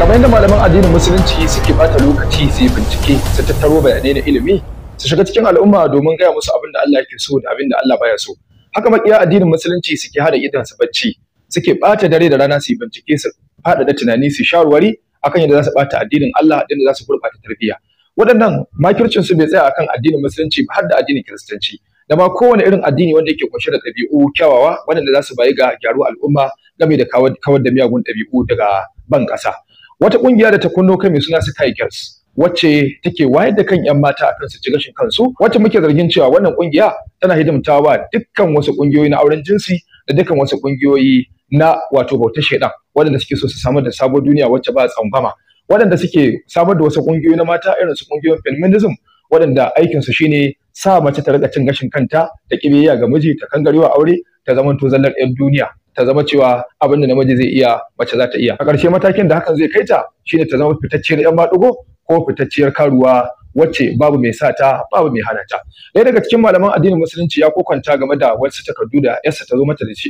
kamar yadda malaman addinin musulunci suke bata lokaci su bincike su tattaro bayanai na ilimi su shiga cikin al'umma domin gaya musu abin da Allah ke so da abin da Allah baya so haka makiya addinin musulunci suke hada idan su bacci suke bata dare da rana su bincike su da tunani su shawarwari akan yadda za su bata addinin Allah yadda za su gurɓata tarbiyya waɗannan makircin su bai tsaya akan addinin musulunci ba har da addinin kiristanci da ma kowane irin addini wanda yake kunshe da ɗabi'u kyawawa waɗanda za su bayi ga gyaru al'umma game da kawar da miyagun ɗabi'u daga ban ƙasa wata kungiya da ta kunno kai mai suna Sky Girls wacce take wayar da kan 'yan mata akan su ci gashin kansu wacce muke zargin cewa wannan kungiya tana hidimtawa dukkan wasu kungiyoyi na auren jinsi da dukkan wasu kungiyoyi na wato bautar shaidan waɗanda suke so su samar da sabon duniya wacce ba tsambama, waɗanda suke samar da wasu kungiyoyi na mata irin su kungiyoyin feminism waɗanda aikin su shine sa mace ta rika cin gashin kanta da kibiyya ga miji ta kangarewa aure ta zamanto zallar 'yan duniya ta zama cewa abin da namiji zai iya mace za ta iya a ƙarshe matakin da hakan zai kai ta shine ta zama fitacciyar yan maɗugo ko fitacciyar karuwa wacce babu mai sa ta babu mai hana ta ɗaya daga cikin malaman addinin musulunci ya kokanta game da wasu takardu da yarsa ta zo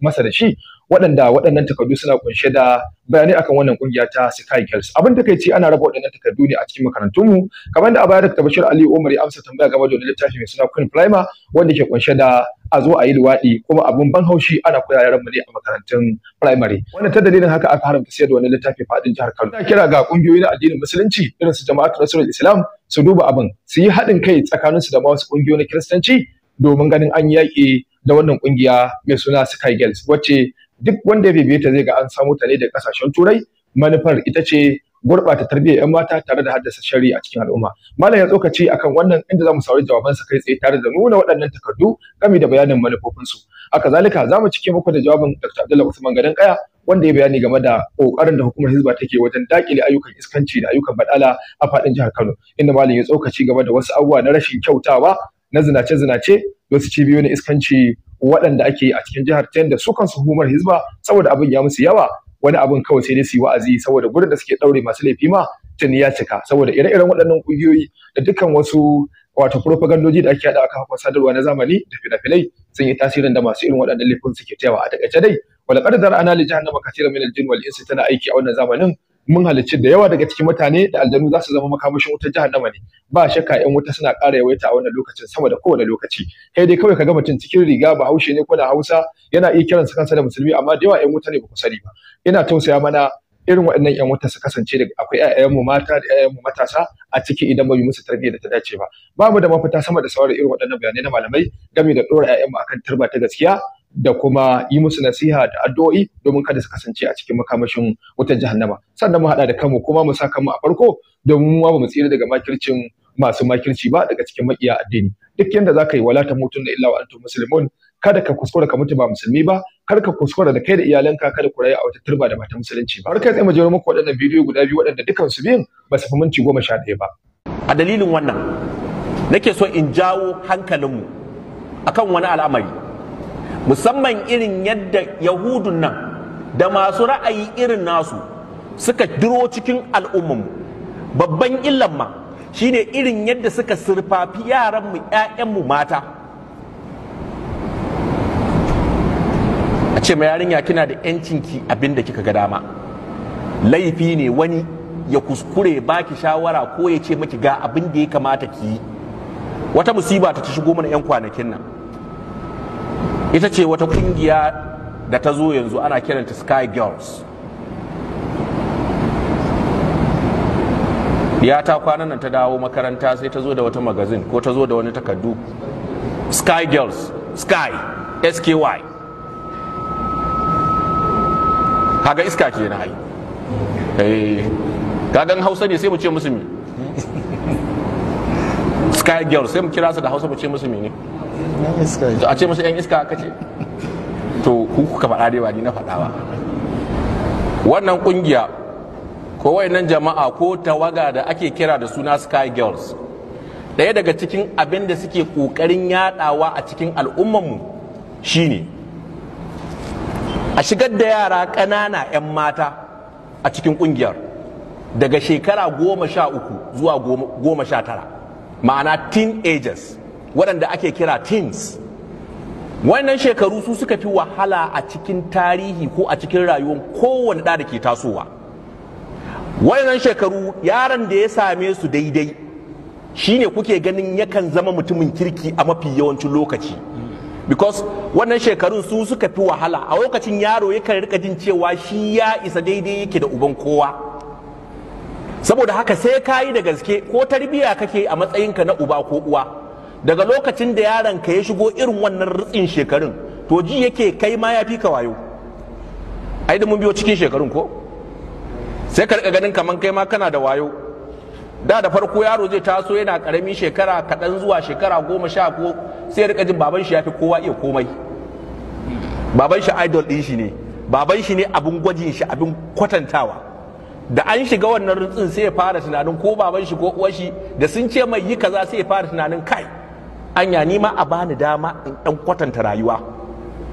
masa da shi waɗanda waɗannan takardu suna kunshe da bayani akan wannan kungiya ta Sky Girls abin da kai ce ana raba waɗannan takardu ne a cikin mu kamar da a baya da Bashir Ali Umar ya amsa tambaya game da wani littafi mai suna Queen Primer wanda ke kunshe da a zo a yi luwaɗi kuma abin ban haushi ana koya yaran mu ne a makarantun primary wannan ta dalilin haka aka haramta sayar da wani littafi faɗin jihar Kano ina kira ga kungiyoyi addinin musulunci irin su jama'atul Rasulul Islam su duba abin su yi haɗin kai tsakaninsu da wasu ƙungiyoyi na kiristanci domin ganin an yaƙi da wannan ƙungiya mai suna Sky Girls wacce duk wanda ya bibiye ta zai ga an samu ta ne da ƙasashen Turai manufar ita ce gurɓata tarbiyyar 'yan mata tare da haddasa shari a cikin al'umma. Malam ya tsokaci akan wannan inda za mu jawaban sa kai tsaye tare da nuna waɗannan takardu game da bayanin manufofinsu. Haka zalika za mu cike muku da jawabin Dr. Abdullahi Usman Gadon Kaya wanda ya bayani game da kokarin da hukumar hizba take wajen dakile ayyukan iskanci da ayyukan badala a fadin jihar Kano inda malam ya tsokaci game da wasu abubuwa na rashin kyautawa na zinace-zinace wasu cibiyoyi na iskanci waɗanda ake yi a cikin jihar ta yadda su kansu hukumar hizba saboda abin ya musu yawa wani abin kawai sai dai su yi wa'azi saboda gurin da suke ɗaure masu laifi ma tuni ya cika saboda ire-iren waɗannan ƙungiyoyi da dukkan wasu wato propagandoji da ake haɗa a kafafen sadarwa na zamani da fina-finai sun yi tasirin da masu irin waɗannan laifin suke tayawa a takaice dai wala qad zar'ana li jahannama kathiran min al-jinn wal insi tana aiki a wannan zamanin mun halicci da yawa daga cikin mutane da aljanu za su zama makamashin wutar jahannama ne ba shakka yan wuta suna ƙara yawaita a wannan lokacin sama da kowane lokaci kai dai kawai ka ga mutum cikin riga ba haushe ne ko da hausa yana iya kiransa kansa da musulmi amma da yawa yan wuta ne ba ku sani ba ina tausaya mana irin waɗannan yan wuta su kasance da akwai ƴaƴanmu mata da mu matasa a ciki idan ba mu musu tarbiyyar da ta dace ba ba mu da mafita sama da sauran irin waɗannan bayanai na malamai game da ɗora ƴaƴanmu akan turba gaskiya da kuma yi musu nasiha da addu'o'i domin kada su kasance a cikin makamashin wutar jahannama sannan mu haɗa da kanmu kuma mu sa kanmu a farko domin mu ba mu tsira daga makircin masu makirci ba daga cikin makiya addini duk yanda za ka yi wala ta mutun da illa wa antum muslimun kada ka kuskura ka mutu ba musulmi ba kar ka kuskura da kai da iyalanka kada ku rayu a wata turba da mata musulunci ba har kai tsaye mu jero muku waɗannan bidiyo guda biyu waɗanda dukan su biyun ba su fi minti goma sha ɗaya ba a dalilin wannan nake so in jawo hankalinmu akan wani al'amari musamman irin yadda yahudun nan da masu ra'ayi irin nasu suka diro cikin al'ummanmu babban illan ma shine irin yadda suka surfafi yaranmu 'ya'yanmu mata a ce mai yarinya kina da 'yancinki abinda kika ga dama laifi ne wani ya kuskure baki shawara ko ya ce maki ga abin da ya kamata ki yi wata musiba ta shigo mana 'yan kwanakin nan ita ce wata kungiya da ta zo yanzu ana kiranta sky girls ya ta kwanan nan ta dawo makaranta sai ta zo da wata magazin ko ta zo da wani takardu sky girls sky sky kaga iska ke na eh, kagan hausa ne sai mu ce musu sky girls sai mu kira su da hausa mu ce musu ne to a ce masa yan iska aka ce to ku kuka faɗa dai ba ni na faɗa wannan ƙungiya ko wayannan jama'a ko tawaga da ake kira da suna sky girls ɗaya daga cikin abin da suke ƙoƙarin yaɗawa a cikin al'ummanmu shine a shigar da yara ƙanana 'yan mata a cikin ƙungiyar daga shekara goma sha uku zuwa goma sha tara ma'ana teenagers waɗanda ake kira teens wannan shekaru su suka fi wahala a cikin tarihi ko a cikin rayuwar kowane ɗa da ke tasowa wannan shekaru yaron da ya same su daidai shine kuke ganin yakan zama mutumin kirki a mafi yawancin lokaci because wannan shekarun su suka fi wahala a lokacin yaro yakan rika jin cewa shi ya isa daidai yake da uban kowa saboda haka sai ka yi da gaske ko tarbiyya kake a matsayinka na uba ko uwa daga lokacin da yaron ka ya shigo irin wannan ritsin shekarun to ji yake kai ma ya fi ka wayo ai da mun biyo cikin shekarun ko sai ka ganin kaman kai ma kana da wayo da da farko yaro zai taso yana karami shekara kaɗan zuwa shekara goma sha ko sai ya rika jin baban shi ya fi kowa iya komai baban shi idol ɗin shi ne baban shi ne abin gwajin shi abin kwatantawa da an shiga wannan rutsin sai ya fara tunanin ko baban shi ko uwar shi da sun ce mai yi kaza sai ya fara tunanin kai anya ni ma a bani dama in dan kwatanta rayuwa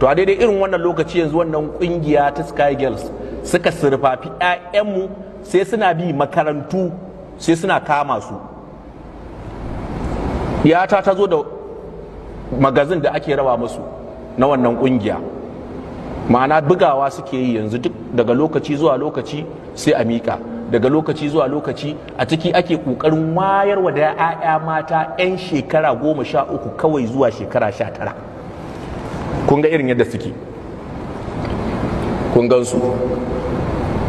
to a daidai irin wannan lokaci yanzu wannan kungiya ta Sky Girls suka surfafi mu sai suna bi makarantu sai suna kama su Ya ta zo da magazin da ake raba musu na wannan kungiya ma'ana bugawa suke yi yanzu duk daga lokaci zuwa lokaci sai a miƙa daga lokaci zuwa lokaci a ciki ake ƙoƙarin wayarwa da 'ya'ya mata 'yan shekara goma sha uku kawai zuwa shekara sha tara kun ga irin yadda suke kun gansu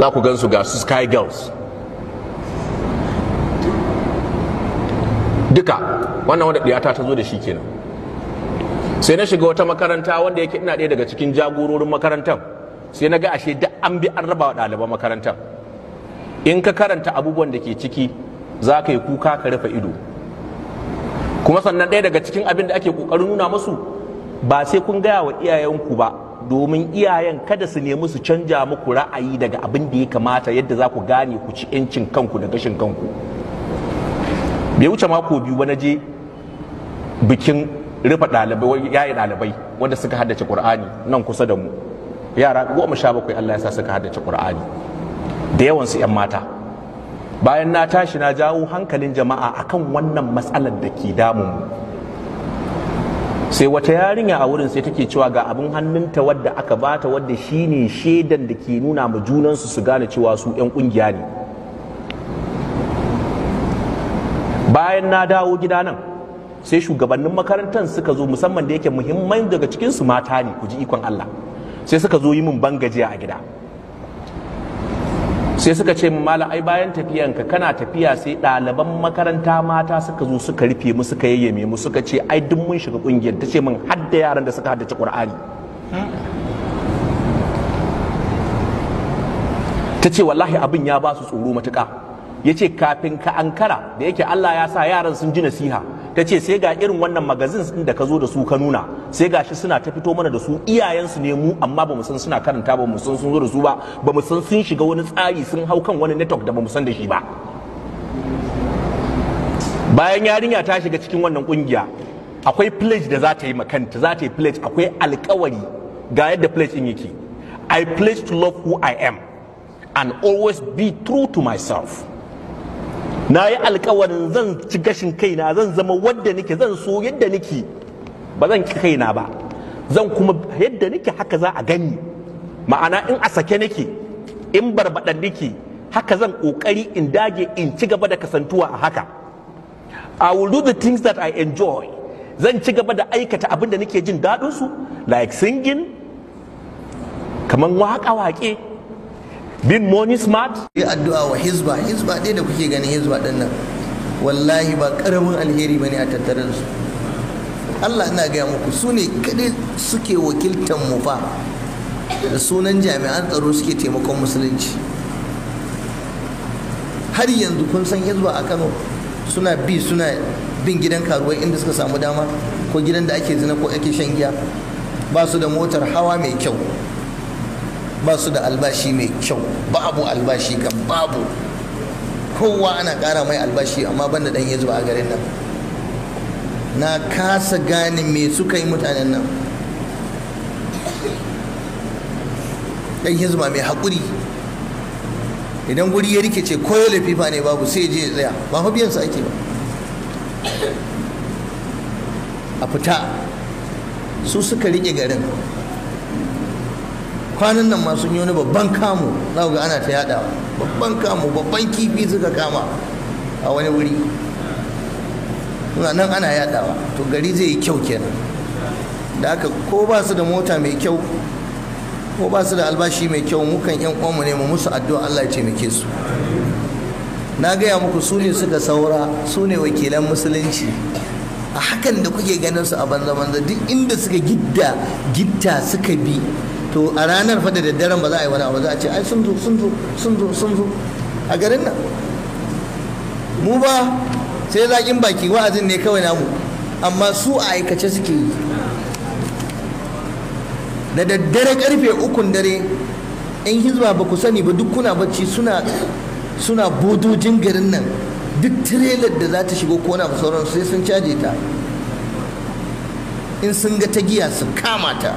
za ku gansu ga su sky girls duka wannan wanda ɗiyata ta zo da shi kenan sai na shiga wata makaranta wanda yake ina ɗaya daga cikin jagororin makarantar sai na ga ashe duk an bi an raba wa ɗaliban makarantar in ka karanta abubuwan da ke ciki za ka yi kuka ka rufe ido kuma sannan ɗaya daga cikin abin da ake ƙoƙarin nuna musu ba sai kun gaya wa iyayenku ba domin iyayen kada su nemi su canja muku ra'ayi daga abin da ya kamata yadda za ku gane ku ci 'yancin kanku da gashin kanku bai wuce mako biyu na je bikin rufe ɗalibai yayi ɗalibai wanda suka haddace ƙur'ani nan kusa da mu yara goma sha bakwai allah ya sa suka haddace ƙur'ani da yawansu 'yan mata bayan na tashi na jawo hankalin jama'a akan wannan matsalar da ke damun sai wata yarinya a wurin sai take cewa ga abin hannunta wadda aka bata wadda shine shaidan da ke nuna ma junansu su gane cewa su 'yan kungiya ne bayan na dawo gida nan sai shugabannin makarantar suka zo musamman da yake muhimman daga cikinsu mata ne ku ji ikon Allah sai suka zo yi min bangajiya a gida sai suka ce mala ai bayan tafiyanka kana tafiya sai ɗaliban makaranta mata suka zo suka rufe mu suka yayyame mu suka ce ai duk mun shiga kungiyar ta ce min hadda yaran da suka haddace qur'ani ta ce wallahi abin ya ba su tsoro matuƙa ya ce kafin ka ankara da yake allah ya sa yaran sun ji nasiha ta ce sai ga irin wannan magazin din da ka zo da su ka nuna sai ga shi suna ta fito mana da su iyayensu ne mu amma ba mu san suna karanta ba mu san sun zo da su ba ba mu san sun shiga wani tsari sun hau kan wani network da ba mu san da shi ba bayan yarinya ta shiga cikin wannan kungiya akwai pledge da za ta yi makanta za ta yi pledge akwai alkawari ga yadda pledge din yake i pledge to love who i am and always be true to myself na yi alkawarin zan ci gashin kaina zan zama wadda nake zan so yadda nake ba zan ki kaina ba zan kuma yadda nake haka za a gani ma'ana in a sake nike, in barbaɗan nake haka zan ƙoƙari in dage in ci gaba da kasantuwa a haka I will do the things that I enjoy zan ci gaba da aikata abin da nake jin daɗinsu like singing kamar waƙa-waƙe bin moni smart yi addu'a wa hizba hizba ɗaya da kuke ganin hizba din nan wallahi ba karamin alheri bane a tattare da su Allah ina gaya muku su ne kaɗai suke wakiltar mu fa da sunan jami'an tsaro suke taimakon musulunci har yanzu kun san hizba a Kano suna bi suna bin gidan karuwai inda suka samu dama ko gidan da ake zina ko ake shan giya ba su da motar hawa mai kyau ba su da albashi mai kyau babu albashi kan babu kowa ana kara mai albashi amma banda dan ya zuba a garin nan na kasa gane me suka yi mutanen nan dan hizba mai haƙuri idan guri ya rikice ko ya lafifa ne babu sai je ya tsaya ba fa biyan ake ba a fita su suka rike garin kwanan nan ma sun yi wani babban kamu za ga ana ta yada babban kamu babban kifi suka kama a wani wuri suna nan ana yadawa to gari zai yi kyau kenan da haka ko ba su da mota mai kyau ko ba su da albashi mai kyau mukan yan uwanmu ne mu musu addu'a Allah ya taimake su na gaya muku su ne suka saura su ne wakilan musulunci a hakan da kuke ganin su a banza banza duk inda suka gidda gitta suka bi to a ranar fa da daddaren ba za a yi wani abu za a ce ai sun zo sun zo sun zo sun zo a garin nan mu ba sai zaƙin baki wa'azin ne kawai namu amma su a aikace suke yi da daddare karfe ukun dare in hizba ba ku sani ba duk kuna bacci suna suna bodojin garin nan duk tirelar da za ta shigo ko na sauran sai sun caje ta in sun ga ta giya su kama ta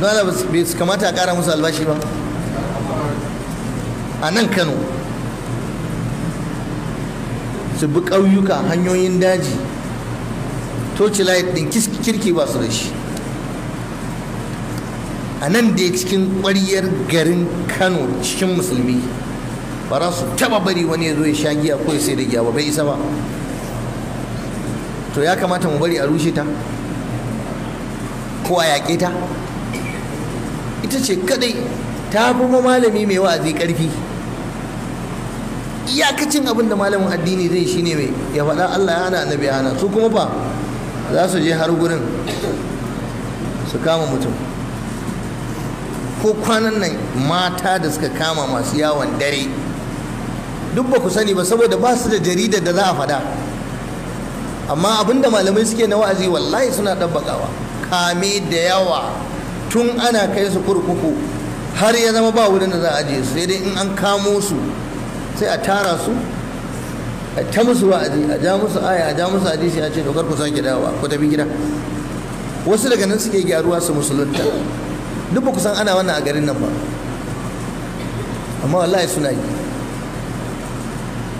dole bai su kamata a masu musu albashi ba a nan Kano su bi ƙauyuka hanyoyin daji torchlight ɗin kirki ba su da shi a nan da cikin ƙwariyar garin Kano cikin musulmi ba za su taba bari wani ya zo ya sha giya ko ya sai da giya ba bai isa ba to ya kamata mu bari a rushe ta ko a yaƙe ta ita ce kadai ta fi malami mai wa'azi karfi iyakacin abin da malamin addini zai shine mai ya faɗa Allah ya hana annabi hana su kuma fa za su je har gurin su kama mutum ko kwanan nan mata da suka kama masu yawon dare duk ba ku sani ba saboda ba su da jaridar da za a faɗa amma abinda malamai suke na wa'azi wallahi suna ɗabbaƙawa kame da yawa tun ana kai su kurkuku har ya zama ba wurin da za a ajiye sai dai in an kamo su sai a tara su a ta musu wa'azi a ja musu aya a ja musu hadisi a ce dokar ku sake dawowa ko tafi gida wasu daga nan suke gyaruwa su musulunta duk ba ku san ana wannan a garin nan ba amma wallahi suna yi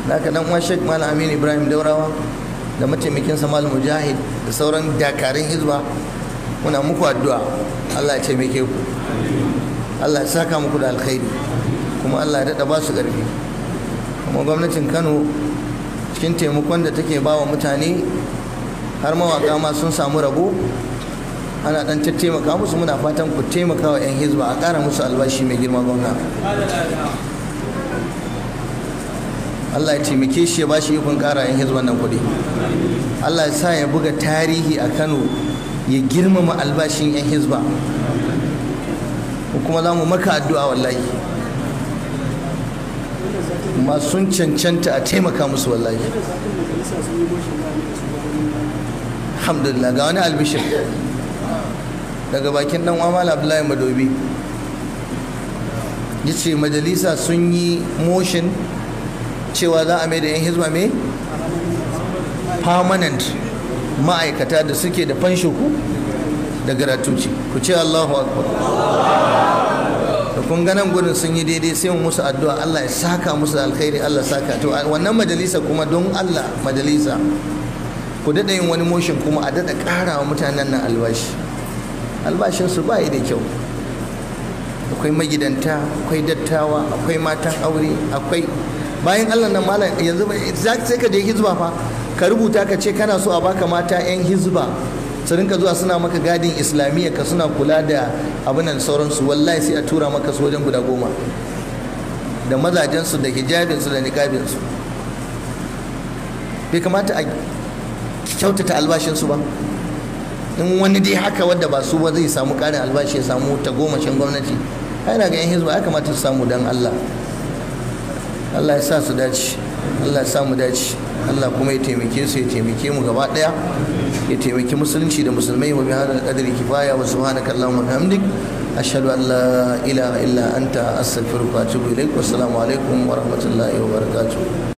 naka dan uwan Sheikh Malam Amin Ibrahim Daurawa da mataimakin sa Malam Mujahid da sauran dakarun hizba muna muku addu'a Allah ya taimake ku Allah ya saka muku da alkhairi kuma Allah ya daɗa ba su ƙarfi kuma gwamnatin Kano cikin taimakon da take ba wa mutane har mawaƙa ma sun samu rabo ana ɗan taimaka musu muna fatan ku taimaka wa 'yan hizba a ƙara musu albashi mai girma gwamna Allah ya taimake shi ya ba shi ikon ƙara 'yan hizban nan kuɗi Allah ya sa ya buga tarihi a Kano ya girmama albashin 'yan hizba kuma za mu maka addu'a wallahi masu cancanta a taimaka musu wallahi alhamdulillah ga wani albishir daga bakin dan amal abdullahi madobi ya ce majalisa sun yi motion cewa za a mai da 'yan hizba mai permanent ma'aikata da suke da ku da garatuci ku ce Allahu akbar da kun ganin gudun sun yi daidai sai mu musu addu'a Allah ya saka musu alkhairi Allah saka to wannan majalisa kuma don Allah majalisa ku daɗa yin wani motion kuma a daɗa ƙara wa mutanen nan albashi albashinsu ba yi da kyau akwai magidanta akwai dattawa akwai matan aure akwai bayan allah nan malam yanzu sai ka je ki zuwa fa ka rubuta ka ce kana so a baka mata 'yan hizba su rinka zuwa suna maka gadin islamiyya ka suna kula da abinan sauransu wallahi sai a tura maka su wajen guda goma da mazajensu da hijabinsu da niƙabinsu bai kamata a kyautata albashinsu ba in wani dai haka wadda ba su ba zai samu ƙarin albashi ya samu ta gomashin gwamnati yana ga 'yan hizba ya kamata su samu don allah allah ya sa su dace allah ya sa mu dace Allah kuma ya taimake su ya taimake mu gaba daya ya taimake musulunci da musulmai wa da qadri kifaya wa subhanaka allahumma wa bihamdik ashhadu an la ilaha illa anta astaghfiruka wa atubu ilaik wa assalamu alaikum wa rahmatullahi wa barakatuh